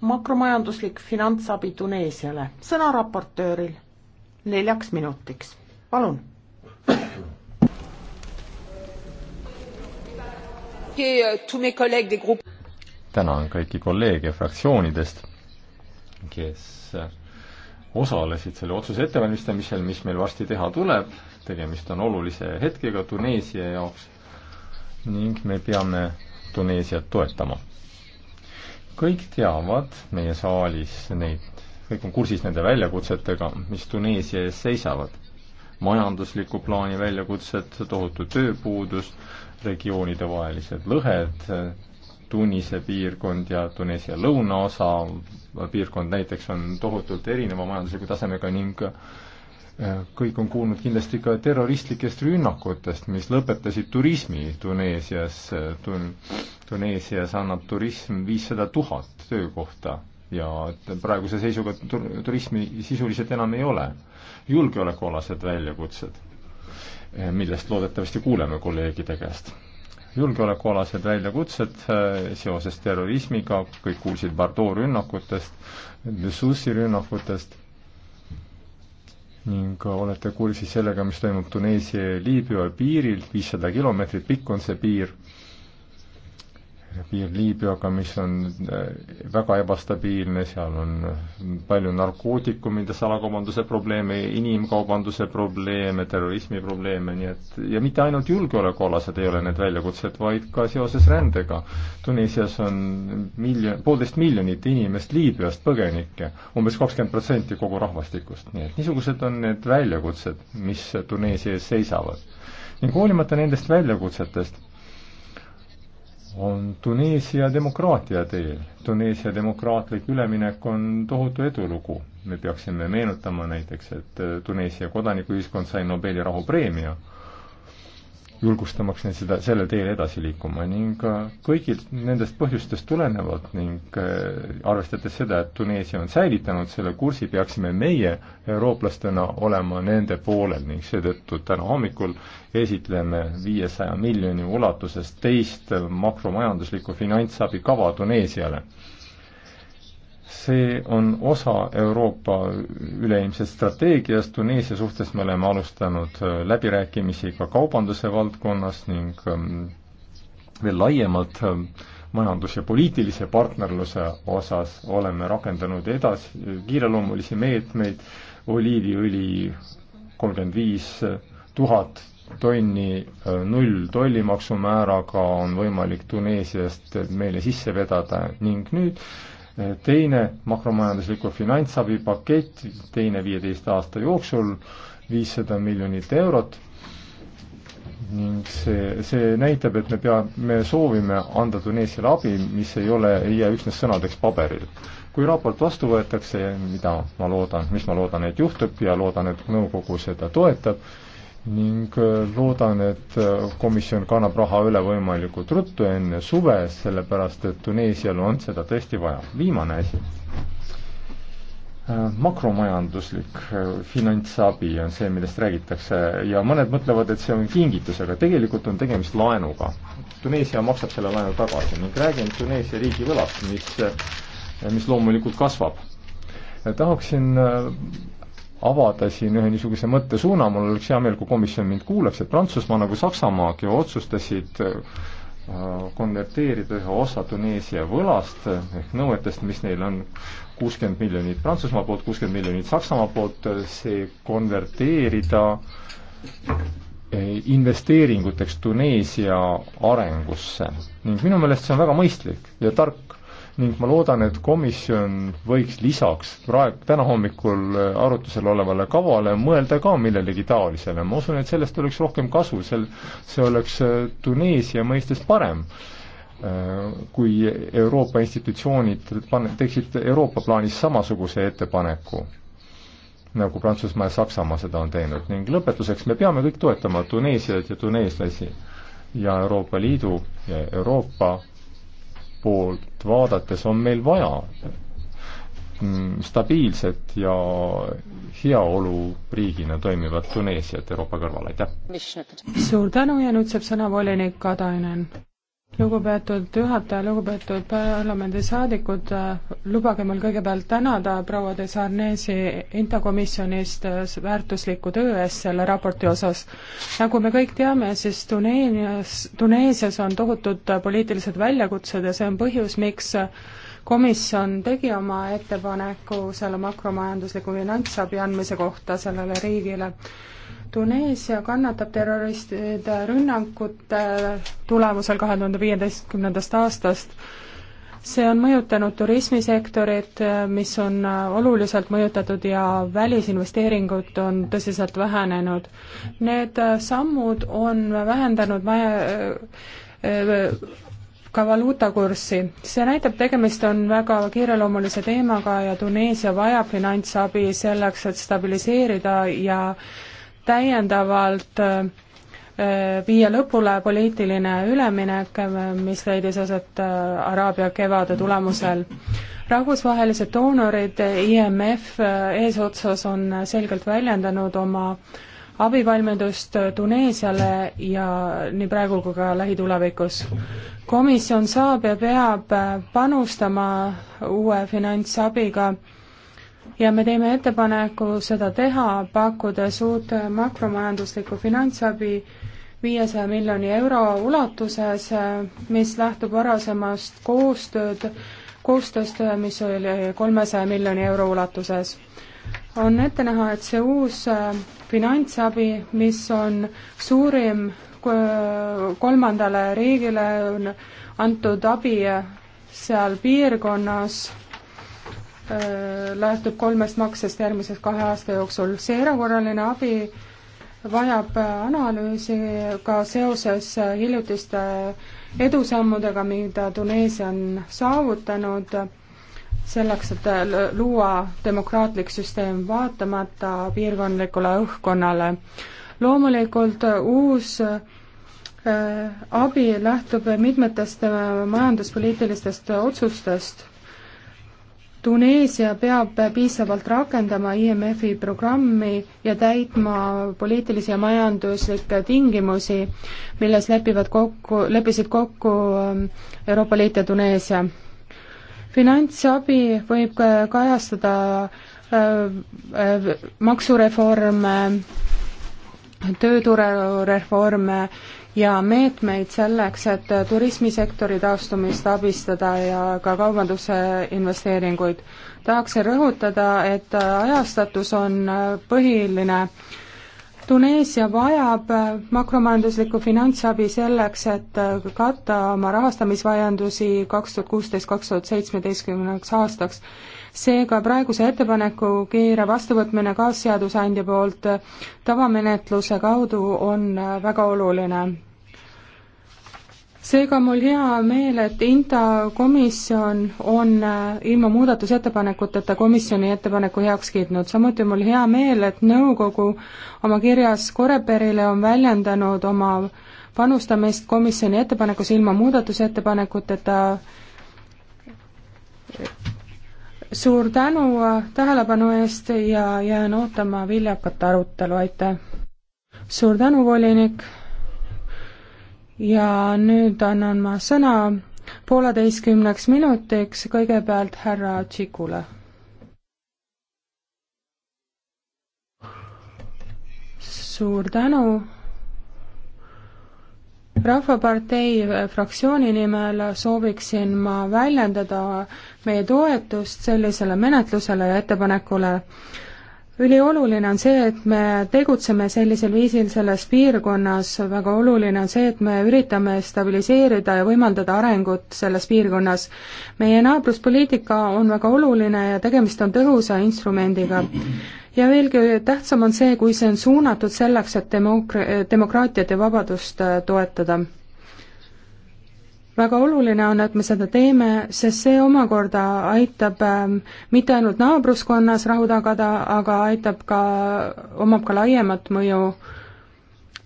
makromajanduslik finantsabi Tuneesiale. sõna raportööril neljaks minutiks, palun. tänan kõiki kolleege fraktsioonidest, kes osalesid selle otsuse ettevalmistamisel, mis meil varsti teha tuleb, tegemist on olulise hetkega Tuneesia jaoks ning me peame Tuneesiat toetama kõik teavad meie saalis neid, kõik on kursis nende väljakutsetega, mis Tuneesia ees seisavad. majandusliku plaani väljakutsed, tohutu tööpuudus, regioonidevahelised lõhed, Tunise piirkond ja Tuneesia lõunaosa piirkond näiteks on tohutult erineva majandusliku tasemega ning kõik on kuulnud kindlasti ka terroristlikest rünnakutest, mis lõpetasid turismi Tuneesias Tun,. Tuneesias annab turism viissada tuhat töökohta ja praeguse seisuga tur, turismi sisuliselt enam ei ole. julgeolekualased väljakutsed, millest loodetavasti kuuleme kolleegide käest. julgeolekualased väljakutsed äh, seoses terrorismiga, kõik kuulsid Bordeaux rünnakutest, Lussusi rünnakutest ning olete kursis sellega, mis toimub Tuneesia ja Liibüa piiril, viissada kilomeetrit pikk on see piir piir Liibüaga, mis on äh, väga ebastabiilne, seal on äh, palju narkootikumide salakaubanduse probleeme, inimkaubanduse probleeme, terrorismi probleeme, nii et ja mitte ainult julgeolekualased ei ole need väljakutsed, vaid ka seoses rändega. Tuneesias on miljon, poolteist miljonit inimest Liibüast põgenikke umbes, umbes kakskümmend protsenti kogu rahvastikust, nii et niisugused on need väljakutsed, mis Tuneesia ees seisavad. ning hoolimata nendest väljakutsetest on Tuneesia demokraatia teel. Tuneesia demokraatlik üleminek on tohutu edulugu. me peaksime meenutama näiteks, et Tuneesia kodanikuühiskond sai Nobeli rahupreemia julgustamaks neid seda, sellel teel edasi liikuma ning äh, kõigilt nendest põhjustest tulenevalt ning äh, arvestades seda, et Tuneesia on säilitanud selle kursi, peaksime meie eurooplastena olema nende poolel ning seetõttu täna hommikul esitleme viiesaja miljoni ulatuses teist makromajanduslikku finantsabikava Tuneesiale see on osa Euroopa üleilmsest strateegiast, Tuneesia suhtes me oleme alustanud äh, läbirääkimisi ka kaubanduse valdkonnas ning ähm, veel laiemalt ähm, majandus- ja poliitilise partnerluse osas oleme rakendanud edasi äh, kiireloomulisi meetmeid, oliiviõli kolmkümmend viis äh, tuhat tonni null tollimaksumääraga on võimalik Tuneesiast meile sisse vedada ning nüüd teine makromajandusliku finantsabipakett, teine viieteist aasta jooksul, viissada miljonit eurot ning see, see näitab, et me pea, me soovime anda Tuneesiale abi, mis ei ole, ei jää üksnes sõnadeks paberil. kui raport vastu võetakse, mida ma loodan, mis ma loodan, et juhtub ja loodan, et nõukogu seda toetab, ning äh, loodan, et äh, komisjon kannab raha üle võimalikult ruttu enne suve, sellepärast et Tuneesial on seda tõesti vaja. viimane asi. Äh, makromajanduslik finantsabi on see, millest räägitakse ja mõned mõtlevad, et see on kingitus, aga tegelikult on tegemist laenuga. Tuneesia maksab selle laenu tagasi ning räägin Tuneesia riigi võlast, mis, mis loomulikult kasvab. tahaksin avada siin ühe niisuguse mõttesuuna, mul oleks hea meel, kui komisjon mind kuulaks, et Prantsusmaa nagu Saksamaagi otsustasid äh, konverteerida ühe osa Tuneesia võlast ehk nõuetest, mis neil on kuuskümmend miljonit Prantsusmaa poolt, kuuskümmend miljonit Saksamaa poolt, see konverteerida äh, investeeringuteks Tuneesia arengusse. ning minu meelest see on väga mõistlik ja tark ning ma loodan, et komisjon võiks lisaks praegu, täna hommikul äh, arutusel olevale kavale mõelda ka millelegi taolisele, ma usun, et sellest oleks rohkem kasu, sel, see oleks äh, Tuneesia mõistes parem äh, kui Euroopa institutsioonid pan-, teeksid Euroopa plaanis samasuguse ettepaneku, nagu Prantsusmaa ja Saksamaa seda on teinud ning lõpetuseks me peame kõik toetama Tuneesiat ja tuneeslasi ja Euroopa Liidu ja Euroopa poolt vaadates on meil vaja mm, stabiilset ja heaolu riigina toimivat Tuneesiat Euroopa kõrval, aitäh! suur tänu ja nüüd saab sõna volinik Katainen lugupeetud juhataja, lugupeetud parlamendisaadikud, lubage mul kõigepealt tänada proua de Sarnesi intakomisjonist väärtusliku töö eest selle raporti osas. nagu me kõik teame, siis Tuneenias, Tuneesias on tohutud poliitilised väljakutsed ja see on põhjus, miks komisjon tegi oma ettepaneku selle makromajandusliku finantsabi andmise kohta sellele riigile Tuneesia kannatab terroristide rünnakute tulemusel kahe tuhande viieteistkümnendast aastast. see on mõjutanud turismisektorit, mis on oluliselt mõjutatud ja välisinvesteeringud on tõsiselt vähenenud. Need sammud on vähendanud vaja äh, äh, ka valuutakurssi. see näitab, tegemist on väga kiireloomulise teemaga ja Tuneesia vajab finantsabi selleks, et stabiliseerida ja täiendavalt äh, äh, viia lõpule poliitiline üleminek, äh, mis leidis aset Araabia kevade tulemusel. rahvusvahelised doonorid IMF eesotsas on selgelt väljendanud oma abivalmidust Tuneesiale ja nii praegu kui ka lähitulevikus. komisjon saab ja peab panustama uue finantsabiga ja me teeme ettepaneku seda teha, pakkudes uut makromajanduslikku finantsabi viiesaja miljoni euro ulatuses, mis lähtub varasemast koostööd, koostööst, mis oli kolmesaja miljoni euro ulatuses. on ette näha, et see uus äh, finantsabi, mis on suurim äh, kolmandale riigile antud abi äh, seal piirkonnas Äh, lähtub kolmest maksest järgmises kahe aasta jooksul. see erakorraline abi vajab äh, analüüsi ka seoses äh, hiljutiste edusammudega, mida Tuneesia on saavutanud selleks, et luua demokraatlik süsteem vaatamata piirkondlikule õhkkonnale. loomulikult uus abi lähtub mitmetest majanduspoliitilistest otsustest Tuneesia peab piisavalt rakendama IMF-i programmi ja täitma poliitilisi ja majanduslikke tingimusi, milles lepivad kokku, leppisid kokku ähm, Euroopa Liit ja Tuneesia. finantsabi võib kajastada äh, äh, maksureforme, tööturereforme ja meetmeid selleks, et turismisektori taastumist abistada ja ka kaubanduse investeeringuid. tahaksin rõhutada, et ajastatus on põhiline. Tuneesia vajab makromajanduslikku finantsabi selleks, et katta oma rahastamisvajadusi kaks tuhat kuusteist, kaks tuhat seitsmeteistkümneks aastaks seega praeguse ettepaneku kiire vastuvõtmine kaasseadusandja poolt tavamenetluse kaudu on väga oluline. seega on mul hea meel, et INTA komisjon on ilma muudatusettepanekuteta komisjoni ettepaneku heaks kiitnud, samuti on mul hea meel, et nõukogu oma kirjas Koreperile on väljendanud oma panustamist komisjoni ettepanekus ilma muudatusettepanekuteta suur tänu äh, tähelepanu eest ja jään ootama viljakat arutelu, aitäh! suur tänu, volinik! ja nüüd annan ma sõna pooleteistkümneks minutiks kõigepealt härra Tšikule. suur tänu! rahvapartei äh, fraktsiooni nimel sooviksin ma väljendada meie toetust sellisele menetlusele ja ettepanekule. ülioluline on see, et me tegutseme sellisel viisil selles piirkonnas, väga oluline on see, et me üritame stabiliseerida ja võimaldada arengut selles piirkonnas. meie naabruspoliitika on väga oluline ja tegemist on tõhusa instrumendiga ja veelgi tähtsam on see, kui see on suunatud selleks, et demok-, demokraatiat ja vabadust äh, toetada. väga oluline on, et me seda teeme, sest see omakorda aitab ähm, mitte ainult naabruskonnas rahu tagada, aga aitab ka, omab ka laiemat mõju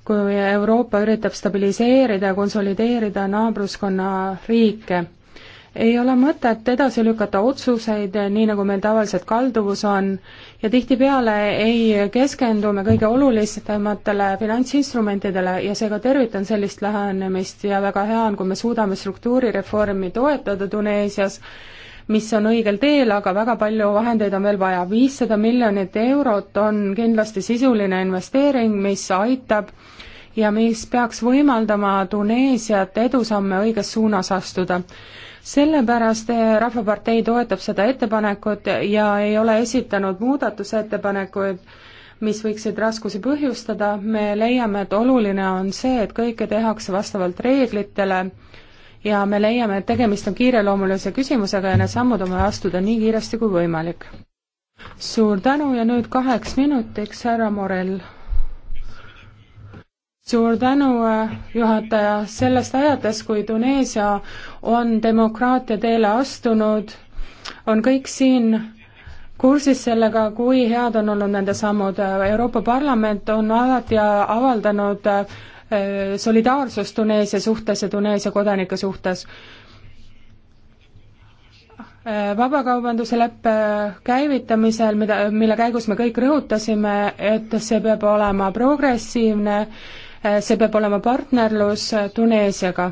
kui Euroopa üritab stabiliseerida ja konsolideerida naabruskonna riike ei ole mõtet edasi lükata otsuseid, nii nagu meil tavaliselt kalduvus on, ja tihtipeale ei keskendu me kõige olulisematele finantsinstrumentidele ja seega tervitan sellist lähenemist ja väga hea on, kui me suudame struktuurireformi toetada Tuneesias, mis on õigel teel, aga väga palju vahendeid on veel vaja. viissada miljonit eurot on kindlasti sisuline investeering, mis aitab ja mis peaks võimaldama Tuneesiat edusamme õiges suunas astuda sellepärast eh, Rahvapartei toetab seda ettepanekut ja ei ole esitanud muudatusettepanekuid, mis võiksid raskusi põhjustada, me leiame, et oluline on see, et kõike tehakse vastavalt reeglitele ja me leiame, et tegemist on kiireloomulise küsimusega ja need sammud on vaja astuda nii kiiresti kui võimalik. suur tänu ja nüüd kaheks minutiks, härra Morell suur tänu, äh, juhataja, sellest ajatest, kui Tuneesia on demokraatia teele astunud, on kõik siin kursis sellega, kui head on olnud nende sammud. Euroopa Parlament on alati avaldanud äh, solidaarsust Tuneesia suhtes ja Tuneesia kodanike suhtes. Äh, vabakaubanduse leppe käivitamisel, mida, mille käigus me kõik rõhutasime, et see peab olema progressiivne Eh, see peab olema partnerlus eh, Tuneesiaga.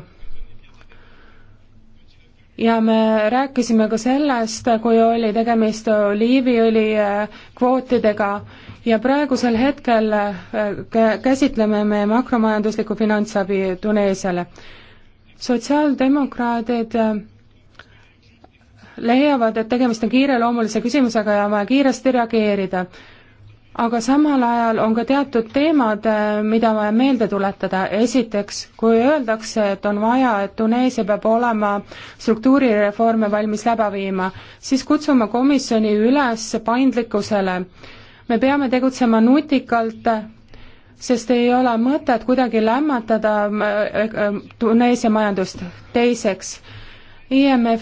ja me rääkisime ka sellest, eh, kui oli tegemist oliiviõli kvootidega ja praegusel hetkel käsitleme me makromajanduslikku finantsabi Tuneesiale. sotsiaaldemokraadid leiavad, et tegemist on kiireloomulise küsimusega ja on vaja kiiresti reageerida aga samal ajal on ka teatud teemad, äh, mida vaja meelde tuletada, esiteks kui öeldakse, et on vaja, et Tuneesia peab olema struktuurireforme valmis läbi viima, siis kutsume komisjoni üles paindlikkusele. me peame tegutsema nutikalt, sest ei ole mõtet kuidagi lämmatada äh, äh, Tuneesia majandust. teiseks, IMF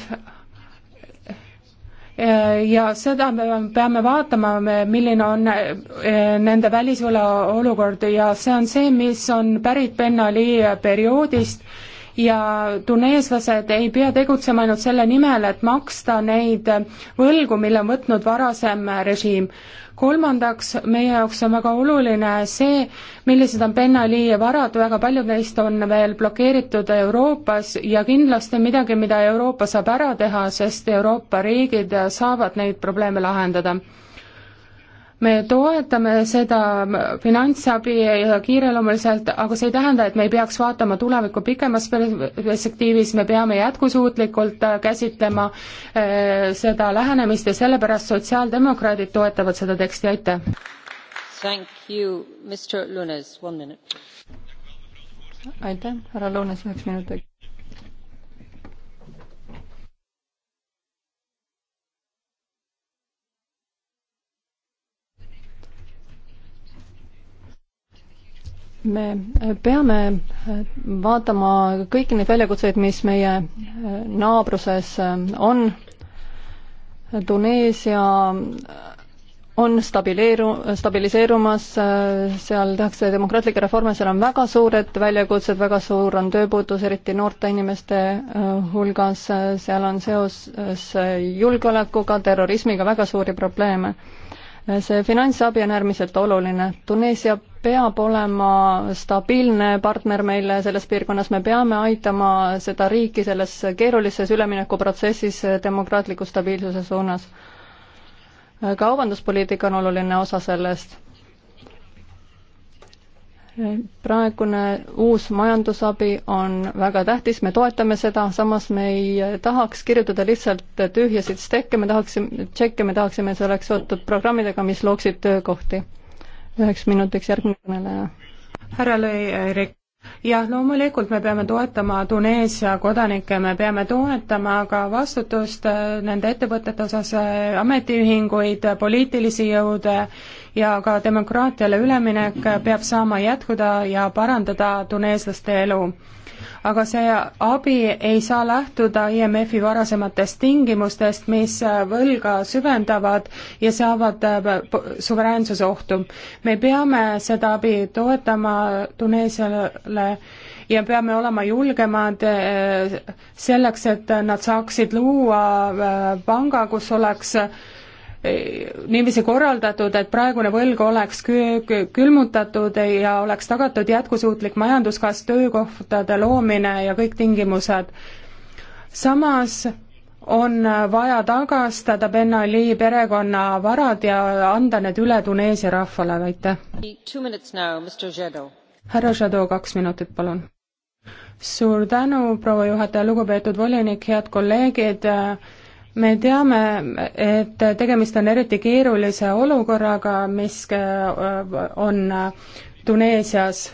ja seda me peame vaatama, milline on eh, nende välisvõla olukord ja see on see, mis on pärit Ben Ali perioodist ja tuneeslased ei pea tegutsema ainult selle nimel, et maksta neid võlgu, mille on võtnud varasem režiim. kolmandaks, meie jaoks on väga oluline see, millised on Ben Ali varad, väga paljud neist on veel blokeeritud Euroopas ja kindlasti midagi, mida Euroopa saab ära teha, sest Euroopa riigid saavad neid probleeme lahendada me toetame seda finantsabi kiireloomuliselt, aga see ei tähenda, et me ei peaks vaatama tulevikku pikemas perspektiivis, me peame jätkusuutlikult käsitlema eh, seda lähenemist ja sellepärast sotsiaaldemokraadid toetavad seda teksti, aitäh! aitäh, härra Lunes, üheks minutiks me peame äh, vaatama kõiki neid väljakutseid, mis meie äh, naabruses äh, on. Tuneesia on stabileeru-, stabiliseerumas, seal tehakse demokraatlikke reforme, seal on väga suured väljakutsed, väga suur on tööpuudus, eriti noorte inimeste hulgas, seal on seoses julgeolekuga, terrorismiga väga suuri probleeme. see finantsabi on äärmiselt oluline. Tuneesia peab olema stabiilne partner meile selles piirkonnas, me peame aitama seda riiki selles keerulises üleminekuprotsessis demokraatliku stabiilsuse suunas. kaubanduspoliitika on oluline osa sellest. praegune uus majandusabi on väga tähtis, me toetame seda, samas me ei tahaks kirjutada lihtsalt tühjasid stekke, me tahaksime, tšekke, me tahaksime, et see oleks seotud programmidega, mis looksid töökohti üheks minutiks järgmine kõneleja. härra Lõi-Erik jah, loomulikult me peame toetama Tuneesia kodanikke, me peame toetama ka vastutust äh, nende ettevõtete osas, äh, ametiühinguid, poliitilisi jõude ja ka demokraatiale üleminek äh, peab saama jätkuda ja parandada tuneeslaste elu aga see abi ei saa lähtuda IMF-i varasematest tingimustest, mis äh, võlga süvendavad ja seavad äh, suveräänsuse ohtu. me peame seda abi toetama Tuneesiale ja peame olema julgemad äh, selleks, et nad saaksid luua panga, kus oleks niiviisi korraldatud, et praegune võlg oleks külmutatud ja oleks tagatud jätkusuutlik majanduskasv, töökohtade loomine ja kõik tingimused. samas on vaja tagastada Ben Ali perekonna varad ja anda need üle Tuneesia rahvale, aitäh. härra Žado, kaks minutit, palun. suur tänu, proua juhataja, lugupeetud volinik, head kolleegid me teame, et tegemist on eriti keerulise olukorraga, mis äh, on äh, Tuneesias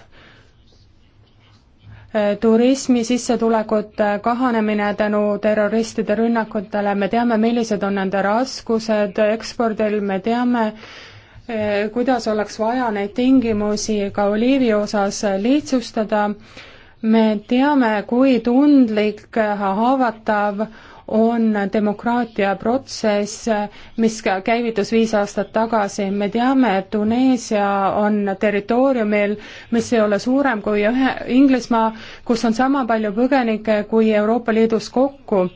äh, turismi sissetulekute kahanemine tänu terroristide rünnakutele, me teame, millised on nende raskused ekspordil, me teame, kuidas oleks vaja neid tingimusi ka oliivi osas lihtsustada, me teame, kui tundlik, haavatav on demokraatia protsess, mis käivitus viis aastat tagasi. me teame, et Tuneesia on territooriumil, mis ei ole suurem kui ühe Inglismaa, kus on sama palju põgenikke kui Euroopa Liidus kokku.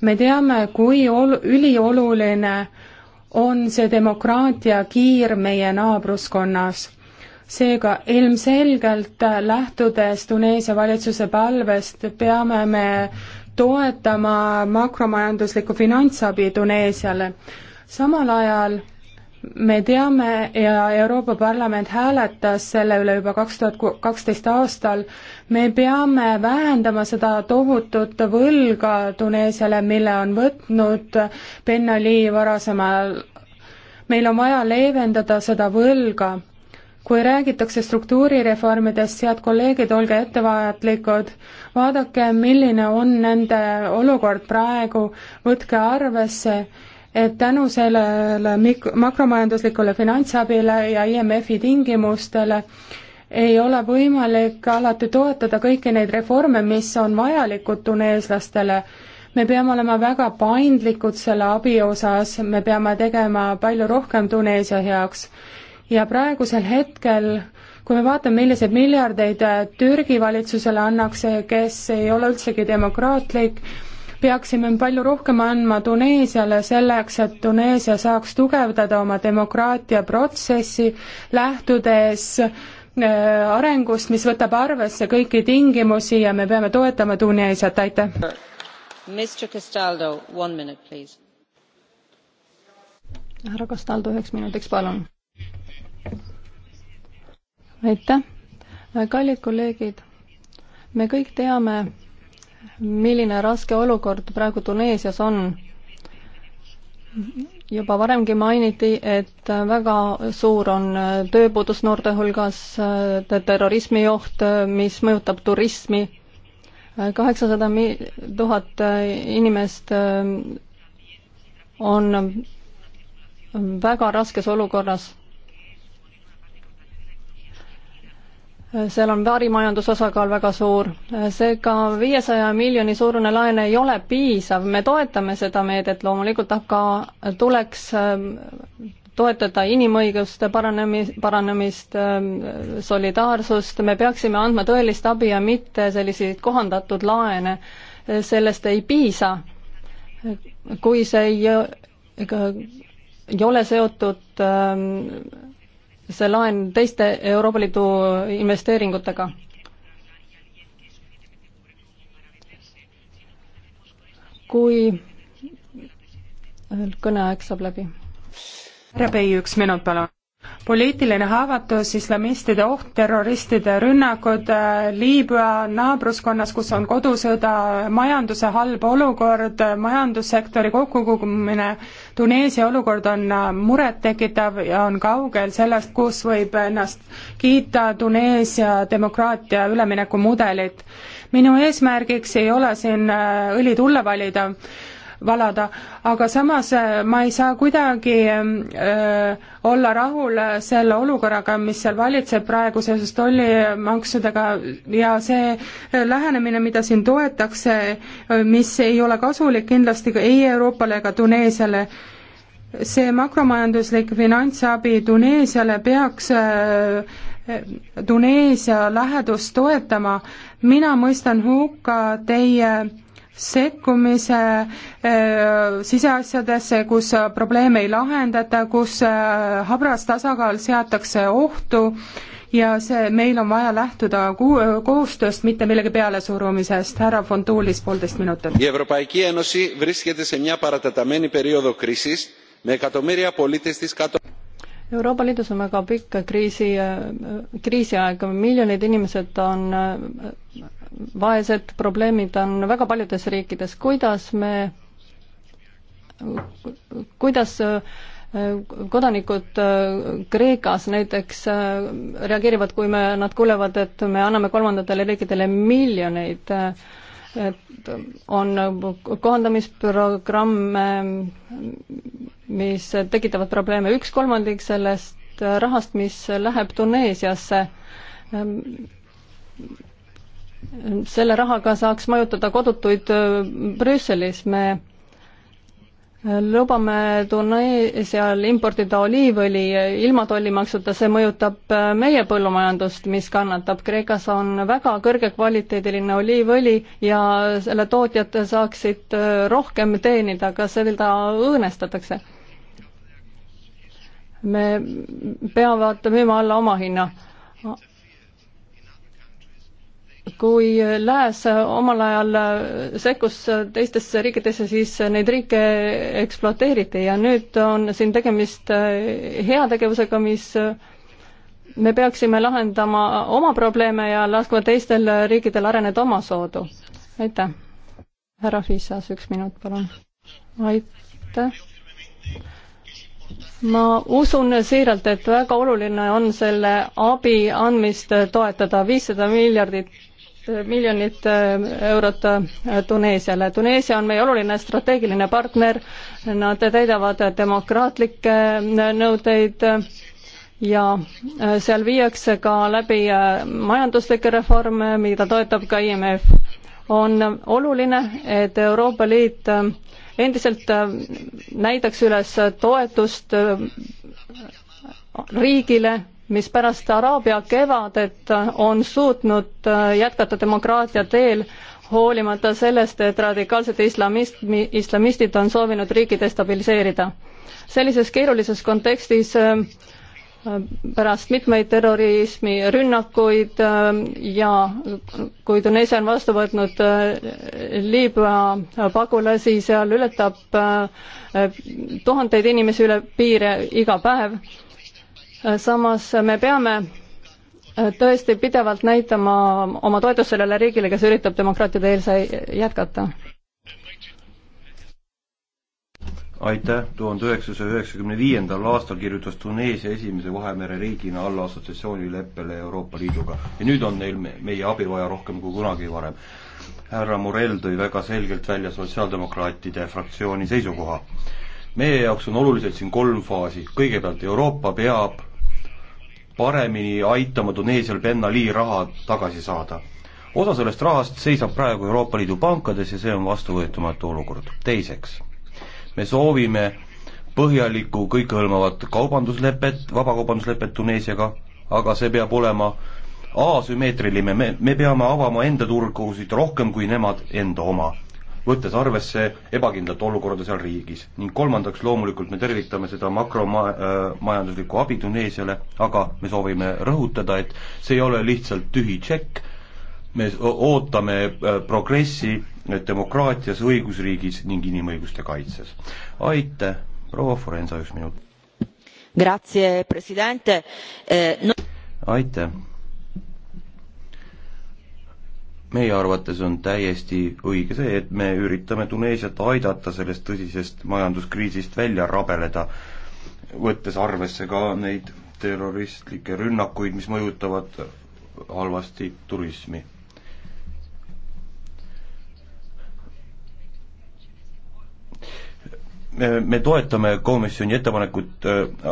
me teame, kui ol-, ülioluline on see demokraatia kiir meie naabruskonnas seega ilmselgelt lähtudes Tuneesia valitsuse palvest peame me toetama makromajanduslikku finantsabi Tuneesiale. samal ajal me teame ja Euroopa Parlament hääletas selle üle juba kaks tuhat kaksteist aastal, me peame vähendama seda tohutut võlga Tuneesiale, mille on võtnud Ben Ali varasemal. meil on vaja leevendada seda võlga kui räägitakse struktuurireformidest, head kolleegid, olge ettevaatlikud, vaadake, milline on nende olukord praegu, võtke arvesse, et tänu sellele mik-, makromajanduslikule finantsabile ja IMF-i tingimustele ei ole võimalik alati toetada kõiki neid reforme, mis on vajalikud tuneeslastele. me peame olema väga paindlikud selle abi osas, me peame tegema palju rohkem Tuneesia heaks ja praegusel hetkel kui me vaatame, milliseid miljardeid äh, Türgi valitsusele annakse, kes ei ole üldsegi demokraatlik, peaksime palju rohkem andma Tuneesiale selleks, et Tuneesia saaks tugevdada oma demokraatiaprotsessi, lähtudes äh, arengust, mis võtab arvesse kõiki tingimusi ja me peame toetama Tuneesiat, aitäh! härra Castaldo, üheks minutiks, palun aitäh, kallid kolleegid, me kõik teame, milline raske olukord praegu Tuneesias on. juba varemgi mainiti, et väga suur on tööpuudus noorte hulgas, terrorismi oht, mis mõjutab turismi, kaheksasada mi-, tuhat inimest on väga raskes olukorras seal on varimajanduse osakaal väga suur, seega viiesaja miljoni suurune laen ei ole piisav, me toetame seda meedet loomulikult, aga tuleks ähm, toetada inimõiguste paranemis, paranemist, ähm, solidaarsust, me peaksime andma tõelist abi ja mitte selliseid kohandatud laene, sellest ei piisa, kui see ei, ei ole seotud ähm, see laen teiste Euroopa Liidu investeeringutega. kui kõneaeg saab läbi. härra Pei, üks minut, palun poliitiline haavatus, islamistide oht, terroristide rünnakud äh, Liibüa naabruskonnas, kus on kodusõda, majanduse halb olukord, majandussektori kokkukukkumine, Tuneesia olukord on äh, murettekitav ja on kaugel sellest, kus võib ennast kiita Tuneesia demokraatia üleminekumudelit. minu eesmärgiks ei ole siin äh, õli tulle valida valada, aga samas äh, ma ei saa kuidagi öö, ähm, äh, olla rahul äh, selle olukorraga, mis seal valitseb praegu seoses tollimaksudega ja see lähenemine, mida siin toetakse, mis ei ole kasulik kindlasti ei Euroopale ega Tuneesiale, see makromajanduslik finantsabi Tuneesiale peaks öö, Tuneesia lähedust toetama. mina mõistan hukka teie sekkumise äh, siseasjadesse, kus äh, probleeme ei lahendata, kus äh, habras tasakaal seatakse ohtu ja see, meil on vaja lähtuda kohustust, mitte millegi pealesurumisest. härra Fontoulis, poolteist minutit. Η Ευρωπαϊκή Ένωση βρίσκεται σε μια παρατεταμένη περίοδο κρίσης με εκατομμύρια πολίτες της κάτω Euroopa Liidus on väga pikk kriisi, kriisiaeg, miljonid inimesed on vaesed probleemid on väga paljudes riikides, kuidas me, kuidas äh, kodanikud äh, Kreekas näiteks äh, reageerivad, kui me, nad kuulevad, et me anname kolmandatele riikidele miljoneid, et on kohandamisprogramme, mis tekitavad probleeme, üks kolmandik sellest rahast, mis läheb Tuneesiasse, ähm, selle rahaga saaks mõjutada kodutuid äh, Brüsselis, me äh, lubame Tuneesial importida oliivõli ilma tollimaksuta, see mõjutab äh, meie põllumajandust, mis kannatab. Kreekas on väga kõrgekvaliteediline oliivõli ja selle tootjad saaksid rohkem teenida, aga seda õõnestatakse. me peavad müüma alla omahinna kui Lääs omal ajal sekkus teistesse riikidesse, siis neid riike ekspluateeriti ja nüüd on siin tegemist heategevusega, mis me peaksime lahendama oma probleeme ja laskma teistel riikidel areneda omasoodu. aitäh. härra Fissas, üks minut, palun. aitäh ma usun siiralt, et väga oluline on selle abi andmist toetada, viissada miljardit miljonit äh, eurot äh, Tuneesiale. Tuneesia on meie oluline strateegiline partner, nad täidavad demokraatlikke äh, nõudeid ja seal viiakse ka läbi majanduslikke reforme, mida toetab ka IMF. on oluline, et Euroopa Liit endiselt näidaks üles toetust riigile, mis pärast Araabia kevadet on suutnud äh, jätkata demokraatia teel, hoolimata sellest, et radikaalsed islamist, islamistid on soovinud riiki destabiliseerida. sellises keerulises kontekstis äh, pärast mitmeid terrorismirünnakuid äh, ja kui Tuneesia on vastu võtnud Liibüa pagulasi, seal ületab tuhandeid inimesi üle piire iga päev Äh, samas me peame äh, tõesti pidevalt näitama oma toetust sellele riigile, kes üritab demokraatia teel jätkata. aitäh, tuhande üheksasaja üheksakümne viiendal aastal kirjutas Tuneesia esimese Vahemere riigina alla assotsiatsioonileppele Euroopa Liiduga ja nüüd on neil meie abi vaja rohkem kui kunagi varem. härra Morell tõi väga selgelt välja sotsiaaldemokraatide fraktsiooni seisukoha meie jaoks on olulised siin kolm faasi, kõigepealt Euroopa peab paremini aitama Tuneesial Ben Ali raha tagasi saada. osa sellest rahast seisab praegu Euroopa Liidu pankades ja see on vastuvõetamatu olukord. teiseks, me soovime põhjalikku kõikehõlmavat kaubanduslepet, vabakaubanduslepet Tuneesiaga, aga see peab olema asümmeetriline, me, me peame avama enda turgusid rohkem kui nemad enda oma võttes arvesse ebakindlat olukorda seal riigis. ning kolmandaks, loomulikult me tervitame seda makromajanduslikku äh, abi Tuneesiale, aga me soovime rõhutada, et see ei ole lihtsalt tühi tšekk, me ootame äh, progressi äh, demokraatias, õigusriigis ning inimõiguste kaitses. aitäh, proua Forenza, üks minut. Grazie, president eh,. No... aitäh meie arvates on täiesti õige see, et me üritame Tuneesiat aidata sellest tõsisest majanduskriisist välja rabeleda, võttes arvesse ka neid terroristlikke rünnakuid, mis mõjutavad halvasti turismi. me, me toetame komisjoni ettepanekut, äh,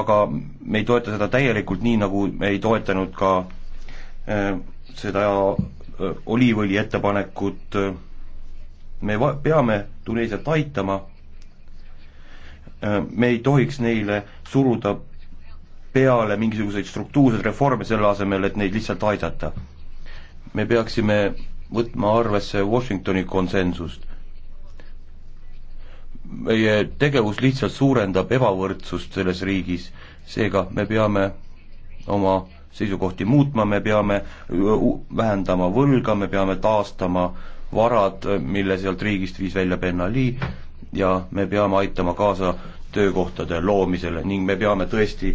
aga me ei toeta seda täielikult, nii nagu me ei toetanud ka äh, seda Äh, oliivõli ettepanekut, me va-, peame Tuneesiat aitama, äh, me ei tohiks neile suruda peale mingisuguseid struktuurseid reforme selle asemel, et neid lihtsalt aidata. me peaksime võtma arvesse Washingtoni konsensust. meie tegevus lihtsalt suurendab ebavõrdsust selles riigis, seega me peame oma seisukohti muutma, me peame äh, vähendama võlga, me peame taastama varad, äh, mille sealt riigist viis välja Ben Ali ja me peame aitama kaasa töökohtade loomisele ning me peame tõesti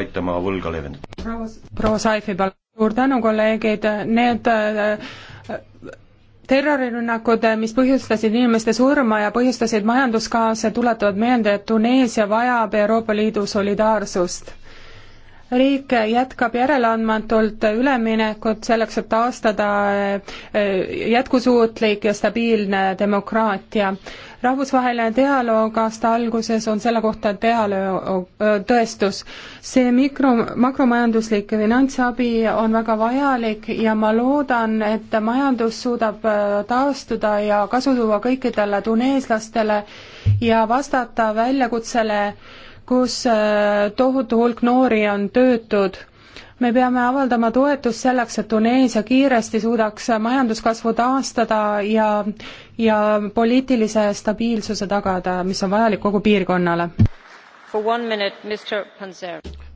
aitama võlga leevendada. proua Saifi, palun, suur tänu, kolleegid, need äh, terrorirünnakud, mis põhjustasid inimeste surma ja põhjustasid majanduskaose, tuletavad meelde, et Tuneesia vajab Euroopa Liidu solidaarsust riik jätkab järeleandmatult üleminekut selleks, et taastada eh, eh, jätkusuutlik ja stabiilne demokraatia. rahvusvaheline dialoog aasta alguses on selle kohta dialoog, eh, tõestus. see mikro, makromajanduslik finantsabi on väga vajalik ja ma loodan, et majandus suudab taastuda ja kasu tuua kõikidele tuneeslastele ja vastata väljakutsele, kus äh, tohutu hulk noori on töötud. me peame avaldama toetust selleks, et Tuneesia kiiresti suudaks majanduskasvu taastada ja, ja poliitilise stabiilsuse tagada, mis on vajalik kogu piirkonnale.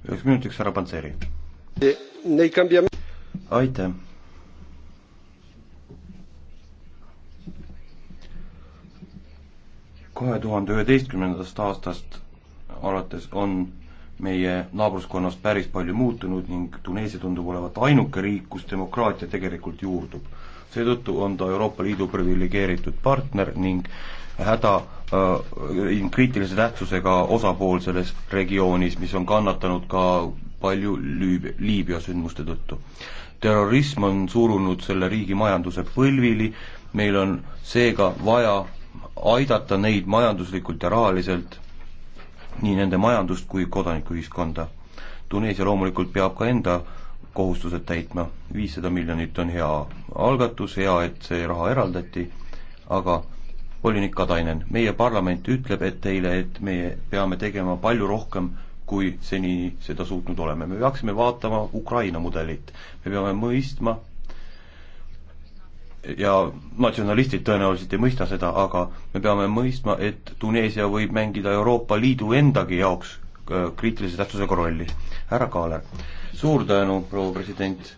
üheks minutiks härra Panseri. Eh, aitäh. kahe tuhande üheteistkümnendast aastast alates on meie naabruskonnas päris palju muutunud ning Tuneesia tundub olevat ainuke riik, kus demokraatia tegelikult juurdub. seetõttu on ta Euroopa Liidu priviligeeritud partner ning häda äh,, kriitilise tähtsusega osapool selles regioonis, mis on kannatanud ka palju Lüüb-, Liibüa sündmuste tõttu. terrorism on surunud selle riigi majanduse põlvili, meil on seega vaja aidata neid majanduslikult ja rahaliselt nii nende majandust kui kodanikuühiskonda. Tuneesia loomulikult peab ka enda kohustused täitma, viissada miljonit on hea algatus, hea, et see raha eraldati, aga volinik Katainen, meie parlament ütleb et teile, et me peame tegema palju rohkem, kui senini seda suutnud oleme, me peaksime vaatama Ukraina mudelit, me peame mõistma, ja natsionalistid tõenäoliselt ei mõista seda, aga me peame mõistma, et Tuneesia võib mängida Euroopa Liidu endagi jaoks äh, kriitilise tähtsusega rolli. härra Kaaler, suur tänu, proua president.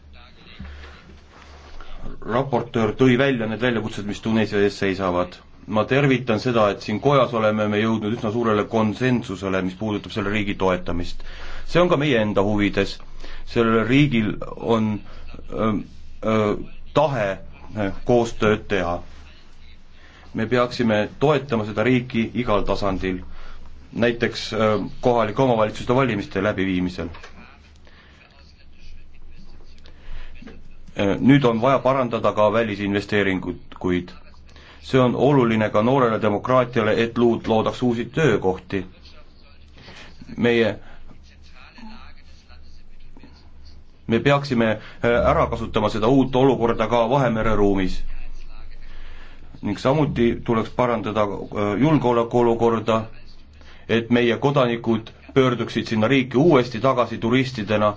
raportöör tõi välja need väljakutsed, mis Tuneesia ees seisavad. ma tervitan seda, et siin kojas oleme me jõudnud üsna suurele konsensusele, mis puudutab selle riigi toetamist. see on ka meie enda huvides, sellel riigil on öö, ähm, öö, äh, tahe Äh, koostööd teha. me peaksime toetama seda riiki igal tasandil, näiteks äh, kohalike omavalitsuste valimiste läbiviimisel. Äh, nüüd on vaja parandada ka välisinvesteeringuid, kuid see on oluline ka noorele demokraatiale, et luud loodaks uusi töökohti. meie me peaksime äh, ära kasutama seda uut olukorda ka Vahemere ruumis. ning samuti tuleks parandada äh, julgeolekuolukorda, et meie kodanikud pöörduksid sinna riiki uuesti tagasi turistidena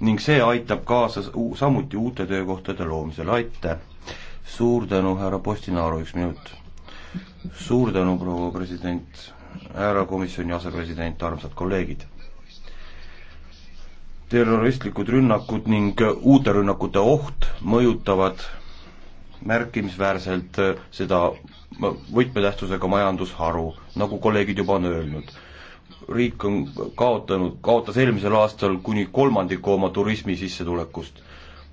ning see aitab kaasa samuti uute töökohtade loomisele, aitäh! suur tänu, härra Postinaru, üks minut. suur tänu, proua president, härra komisjoni asepresident, armsad kolleegid! terroristlikud rünnakud ning uute rünnakute oht mõjutavad märkimisväärselt äh, seda võtmetähtsusega majandusharu, nagu kolleegid juba on öelnud. riik on kaotanud, kaotas eelmisel aastal kuni kolmandiku oma turismi sissetulekust.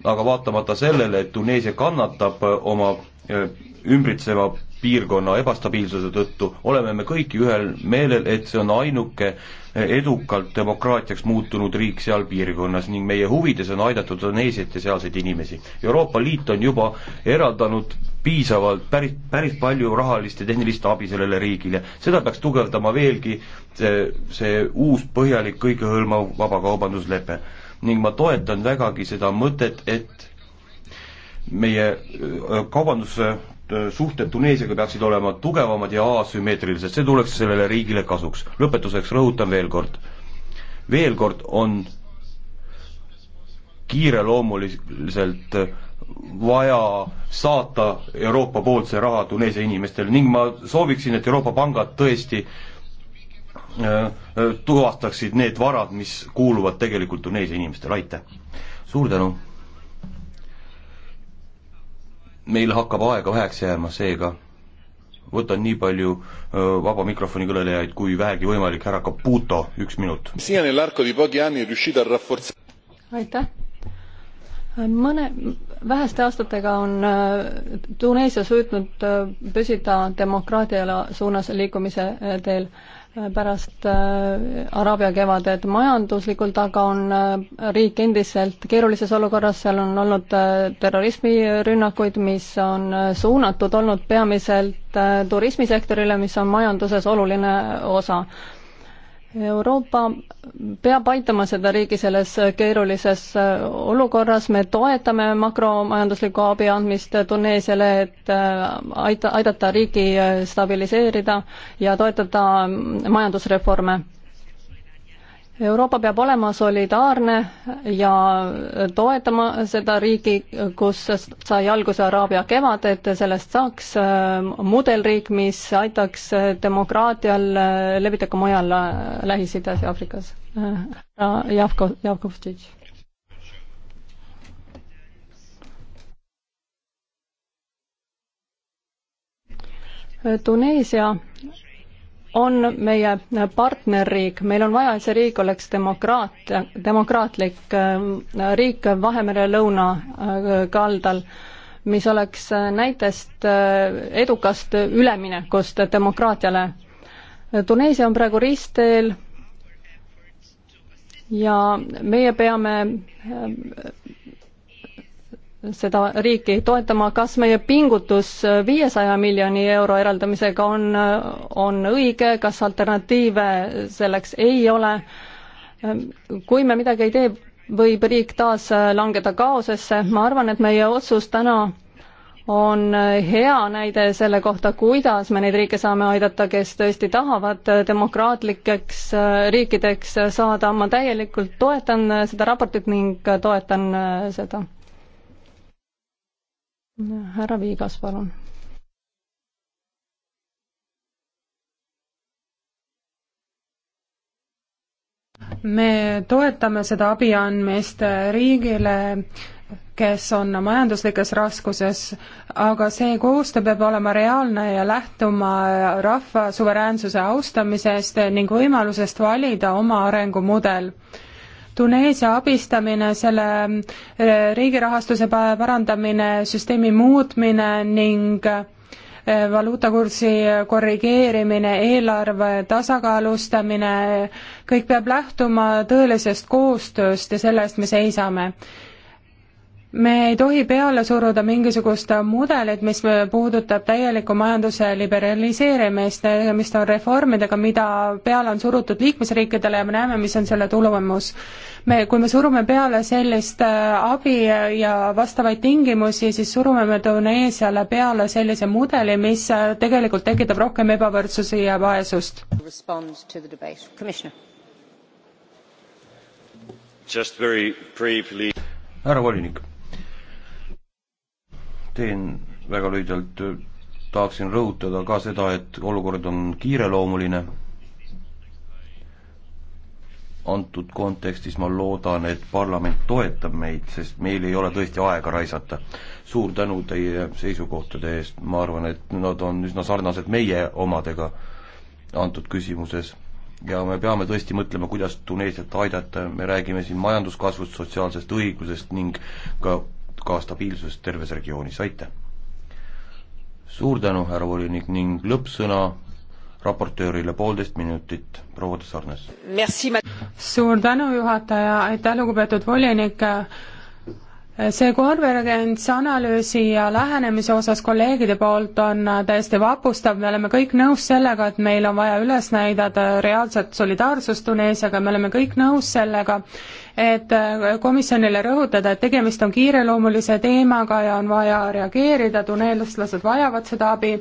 aga vaatamata sellele, et Tuneesia kannatab äh, oma äh, ümbritseva piirkonna ebastabiilsuse tõttu, oleme me kõik ühel meelel, et see on ainuke äh, edukalt demokraatiaks muutunud riik seal piirkonnas ning meie huvides on aidata Tuneesiat ja sealseid inimesi. Euroopa Liit on juba eraldanud piisavalt, päris, päris palju rahalist ja tehnilist abi sellele riigile. seda peaks tugevdama veelgi see, see uus põhjalik kõigehõlmav vabakaubanduslepe. ning ma toetan vägagi seda mõtet, et meie äh, kaubandus Äh, suhted Tuneesiaga peaksid olema tugevamad ja asümmeetrilised, see tuleks sellele riigile kasuks. lõpetuseks rõhutan veel kord, veel kord on kiireloomuliselt vaja saata Euroopa poolt see raha Tuneesia inimestele ning ma sooviksin, et Euroopa pangad tõesti äh, äh, tuvastaksid need varad, mis kuuluvad tegelikult Tuneesia inimestele, aitäh! suur tänu! meil hakkab aega väheks jääma, seega võtan nii palju vaba mikrofoni kõnelejaid kui vähegi võimalik, härra Caputo, üks minut. aitäh. mõne, väheste aastatega on Tuneesia suutnud püsida demokraatiale suunas liikumise teel pärast äh, Araabia kevadet majanduslikult, aga on äh, riik endiselt keerulises olukorras, seal on olnud äh, terrorismirünnakuid, mis on suunatud olnud peamiselt turismisektorile, mis on majanduses oluline osa. Euroopa peab aitama seda riigi selles keerulises äh, olukorras, me toetame makromajanduslikku abi andmist Tuneesiale, et äh, aita, aidata riigi äh, stabiliseerida ja toetada mm, majandusreforme Euroopa peab olema solidaarne ja toetama seda riigi, kus sai alguse Araabia kevad, et sellest saaks äh, mudelriik, mis aitaks demokraatial äh, levida ka mujal äh, Lähis-Idas ja Aafrikas. Javko, Javkovtšitš. Tuneesia on meie partnerriik, meil on vaja, et see riik oleks demokraat, demokraatlik äh, riik Vahemere lõunakaldal, äh, mis oleks äh, näitest edukast üleminekust demokraatiale. Tuneesia on praegu ristteel ja meie peame seda riiki toetama, kas meie pingutus viiesaja miljoni euro eraldamisega on, on õige, kas alternatiive selleks ei ole? kui me midagi ei tee, võib riik taas langeda kaosesse, ma arvan, et meie otsus täna on hea näide selle kohta, kuidas me neid riike saame aidata, kes tõesti tahavad demokraatlikeks riikideks saada, ma täielikult toetan seda raportit ning toetan seda härra Viigas, palun. me toetame seda abi andmist riigile, kes on majanduslikes raskuses, aga see koostöö peab olema reaalne ja lähtuma rahva suveräänsuse austamisest ning võimalusest valida oma arengumudel Tuneesia abistamine, selle äh, riigi rahastuse parandamine, süsteemi muutmine ning äh, valuutakursi korrigeerimine, eelarve tasakaalustamine, kõik peab lähtuma tõelisest koostööst ja selle eest me seisame me ei tohi peale suruda mingisugust mudelit, mis puudutab täielikku majanduse liberaliseerimist, tegemist on reformidega, mida peale on surutud liikmesriikidele ja me näeme, mis on selle tulemus. me, kui me surume peale sellist äh, abi ja vastavaid tingimusi, siis surume me Tuneesiale peale sellise mudeli, mis äh, tegelikult tekitab rohkem ebavõrdsusi ja vaesust. härra volinik teen väga lühidalt, tahaksin rõhutada ka seda, et olukord on kiireloomuline, antud kontekstis ma loodan, et parlament toetab meid, sest meil ei ole tõesti aega raisata. suur tänu teie seisukohtade eest, ma arvan, et nad on üsna sarnased meie omadega antud küsimuses ja me peame tõesti mõtlema, kuidas Tuneesiat aidata, me räägime siin majanduskasvust, sotsiaalsest õiglusest ning ka ka stabiilsust terves regioonis, aitäh! suur tänu, härra volinik, ning lõppsõna raportöörile poolteist minutit, proua Sarnes. suur tänu, juhataja, aitäh, lugupeetud volinik, see konvergents analüüsi ja lähenemise osas kolleegide poolt on täiesti vapustav, me oleme kõik nõus sellega, et meil on vaja üles näidata reaalset solidaarsust Tuneesiaga, me oleme kõik nõus sellega, et äh, komisjonile rõhutada, et tegemist on kiireloomulise teemaga ja on vaja reageerida, tuneellaslased vajavad seda abi,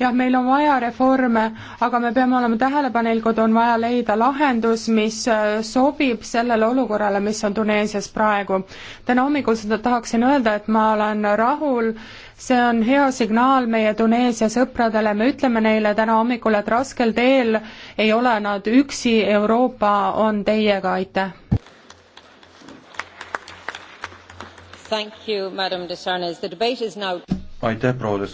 jah, meil on vaja reforme, aga me peame olema tähelepanelikud, on vaja leida lahendus, mis äh, sobib sellele olukorrale, mis on Tuneesias praegu. täna hommikul seda tahaksin öelda, et ma olen rahul, see on hea signaal meie Tuneesia sõpradele, me ütleme neile täna hommikul, et raskel teel ei ole nad üksi, Euroopa on teiega, aitäh! aitäh, proua de Sarnes!